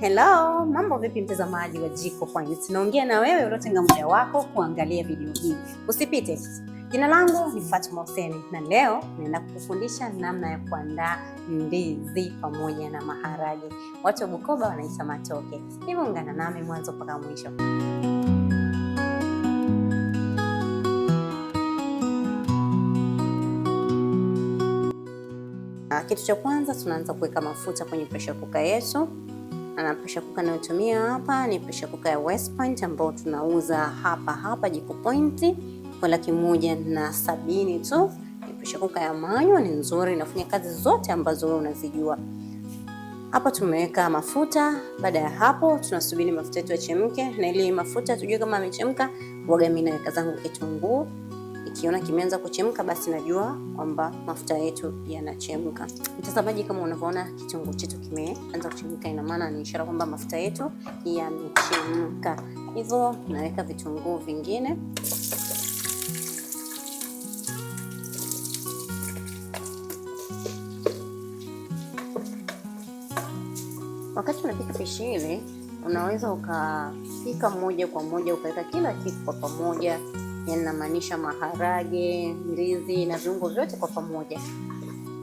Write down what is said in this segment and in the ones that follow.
Hello, mambo vipi mtazamaji wa Jiko Point? Naongea na wewe uliotenga muda wako kuangalia video hii. Usipite. Jina langu ni Fatma Hussein na leo naenda kukufundisha namna ya kuandaa ndizi pamoja na maharage. Watu wa Bukoba wanaita matoke. Hivyo ungana nami mwanzo mpaka mwisho. Ah, kitu cha kwanza tunaanza kuweka mafuta kwenye pressure cooker yetu na pressure cooker nayotumia hapa ni pressure cooker ya West Point ambayo tunauza hapa hapa Jiko Point kwa laki moja na sabini tu. Ni pressure cooker ya manual, ni nzuri, inafanya kazi zote ambazo wewe unazijua. Hapa tumeweka mafuta. Baada ya hapo, tunasubiri mafuta yetu yachemke, na ili mafuta tujue kama yamechemka, waga mimi naweka zangu kitunguu nikiona kimeanza kuchemka, basi najua kwamba mafuta yetu yanachemka. Mtazamaji, kama unavyoona kitunguu chetu kimeanza kuchemka, ina maana ni ishara kwamba mafuta yetu yamechemka. Hivyo naweka vitunguu vingine wakati unapika pishi hili unaweza ukapika moja kwa moja ukaweka kila kitu kwa pamoja, yanamaanisha maharage, ndizi na viungo vyote kwa pamoja.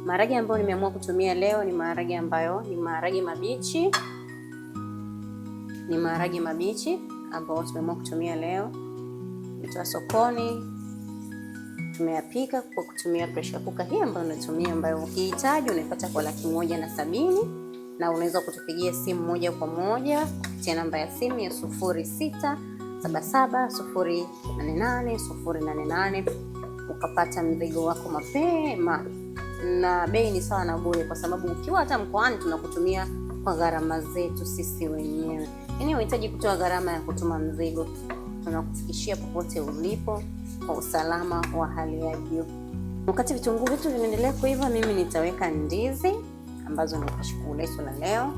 Maharage ambayo nimeamua kutumia leo ni maharage ambayo ni maharage mabichi, ni maharage mabichi ambayo tumeamua kutumia leo. Kutoka sokoni tumeyapika kwa kutumia pressure cooker hii ambayo unatumia, ambayo ukihitaji unaipata kwa laki moja na sabini na unaweza kutupigia simu moja kwa moja kupitia namba ya simu ya sufuri ukapata mzigo wako mapema, na bei ni sawa na bure, kwa sababu ukiwa hata mkoani tunakutumia kwa gharama zetu sisi wenyewe. Yaani unahitaji kutoa gharama ya kutuma mzigo, tunakufikishia popote ulipo kwa usalama wa hali ya juu. Wakati vitunguu vyetu vinaendelea kuiva, mimi nitaweka ndizi ambazo nitashukuru leso na leo.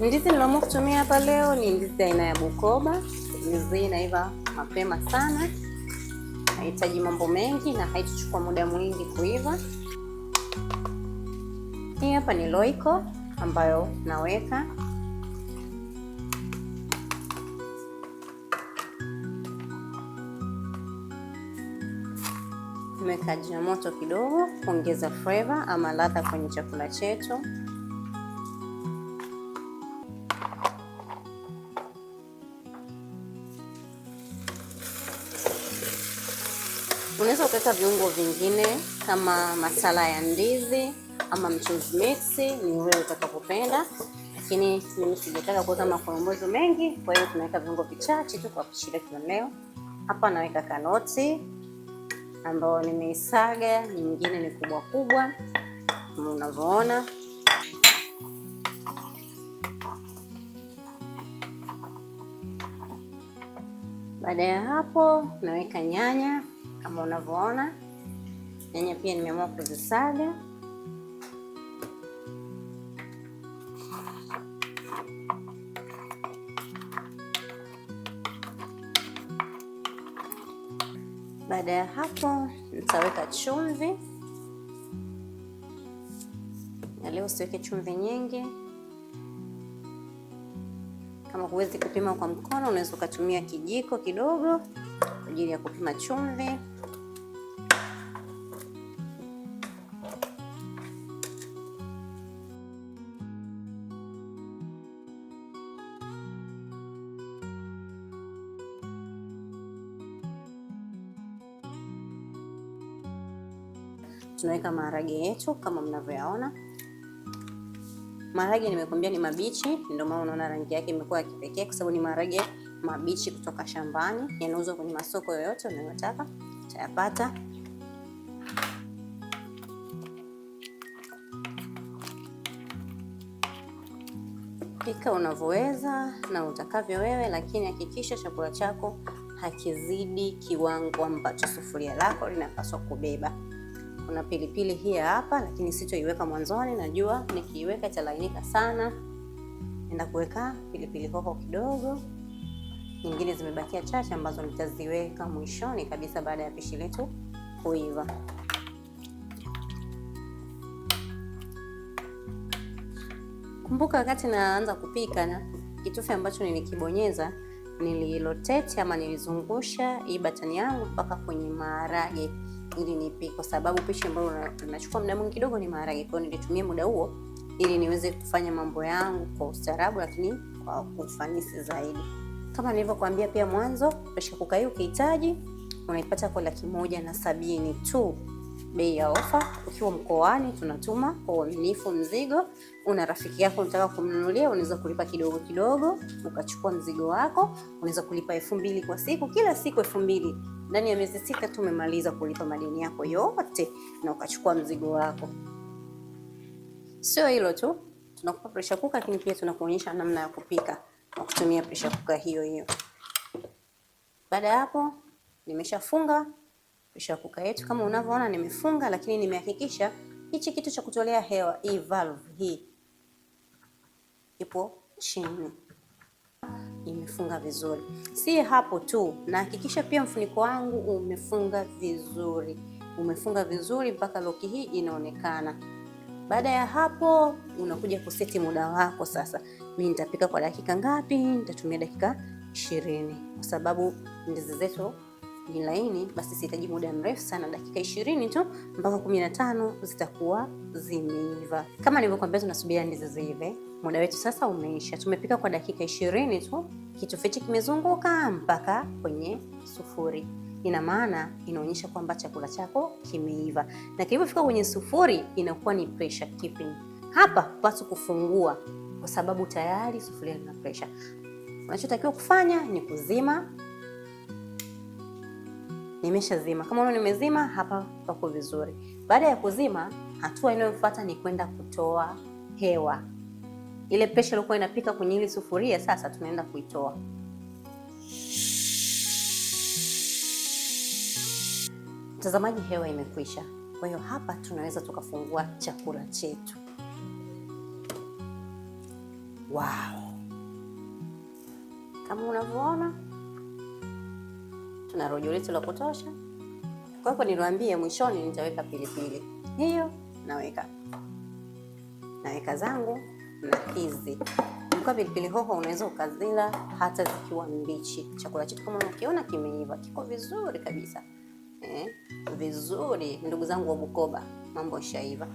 Ndizi niliamua kutumia hapa leo ni ndizi aina ya Bukoba. Ndizi hii inaiva mapema sana, haihitaji mambo mengi na haitachukua muda mwingi kuiva. Hii hapa ni loiko ambayo naweka Nimeweka jina moto kidogo kuongeza flavor ama ladha kwenye chakula chetu. Unaweza ukaweka viungo vingine kama masala ya ndizi ama mchuzi mixi, ni wewe utakapopenda, lakini mimi sijataka kuweka makorombozo mengi, kwa hiyo tunaweka viungo vichache tu kwa pishi leo. Hapa naweka kanoti, ambayo nimeisaga, nyingine ni kubwa kubwa kama unavyoona. Baada ya hapo, naweka nyanya kama unavyoona, nyanya pia nimeamua kuzisaga Baada ya hapo, nitaweka chumvi na leo siweke chumvi nyingi. Kama huwezi kupima kwa mkono, unaweza ukatumia kijiko kidogo kwa ajili ya kupima chumvi. tunaweka maharage yetu kama mnavyoyaona. Maharage nimekwambia ni mabichi, ndio maana unaona rangi yake imekuwa ya kipekee, kwa sababu ni maharage mabichi kutoka shambani. Yanauzwa kwenye masoko yoyote unayotaka utayapata. Pika unavyoweza na utakavyo wewe, lakini hakikisha chakula chako hakizidi kiwango ambacho sufuria lako linapaswa kubeba kuna pilipili hii hapa, lakini sitoiweka mwanzoni, najua nikiiweka italainika sana. enda kuweka pilipili hoho kidogo, nyingine zimebakia chache ambazo nitaziweka mwishoni kabisa baada ya pishi letu kuiva. Kumbuka wakati naanza kupika na kitufe ambacho nilikibonyeza nililoteti ama nilizungusha hii batani yangu mpaka kwenye maharage ili nipi, kwa sababu pishi ambayo unachukua muda mwingi kidogo ni maharage. Kwa hiyo nilitumia muda huo ili niweze kufanya mambo yangu kwa ustaarabu, lakini kwa ufanisi zaidi. Kama nilivyokuambia pia mwanzo, pesha cooker hii ukihitaji unaipata kwa laki moja na sabini tu bei ya ofa. Ukiwa mkoani, tunatuma kwa uaminifu. Mzigo una rafiki yako unataka kumnunulia, unaweza kulipa kidogo kidogo, ukachukua mzigo wako. Unaweza kulipa elfu mbili kwa siku, kila siku elfu mbili ndani ya miezi sita tu umemaliza kulipa madeni yako yote na ukachukua mzigo wako. Sio hilo tu, tunakupa pressure cooker, lakini pia tunakuonyesha namna ya kupika kwa kutumia pressure cooker hiyo hiyo. Baada ya hapo, nimeshafunga kisha yetu kama unavyoona nimefunga, lakini nimehakikisha hichi kitu cha kutolea hewa hii valve hii ipo chini imefunga vizuri. Si hapo tu, nahakikisha pia mfuniko wangu umefunga vizuri, umefunga vizuri mpaka loki hii inaonekana. Baada ya hapo, unakuja kuseti muda wako sasa. Mimi nitapika kwa dakika ngapi? Nitatumia dakika ishirini kwa sababu ndizi zetu ni laini, basi sihitaji muda mrefu sana, dakika ishirini tu mpaka kumi na tano zitakuwa zimeiva. Kama nilivyokuambia, tunasubiria ndizi ziive. Muda wetu sasa umeisha, tumepika kwa dakika ishirini tu, kitufe hichi kimezunguka mpaka kwenye sufuri. Ina maana inaonyesha kwamba chakula chako kimeiva, na kilivyofika kwenye sufuri inakuwa ni pressure keeping. Hapa pasu kufungua, kwa sababu tayari sufuria lina pressure. Unachotakiwa kufanya ni kuzima nimeshazima. Kama unaona nimezima hapa pako vizuri. Baada ya kuzima, hatua inayofuata ni kwenda kutoa hewa. Ile pesha ilikuwa inapika kwenye ile sufuria, sasa tunaenda kuitoa. Mtazamaji, hewa imekwisha. Kwa hiyo hapa tunaweza tukafungua chakula chetu. Wow, kama unavyoona tuna rojo letu la kutosha. Kwa hivyo niliwaambia mwishoni nitaweka pilipili hiyo, naweka naweka zangu na hizi kwa pilipili hoho unaweza ukazila hata zikiwa mbichi. Chakula chetu kama unakiona kimeiva, kiko vizuri kabisa eh, vizuri ndugu zangu wa Bukoba, mambo yashaiva.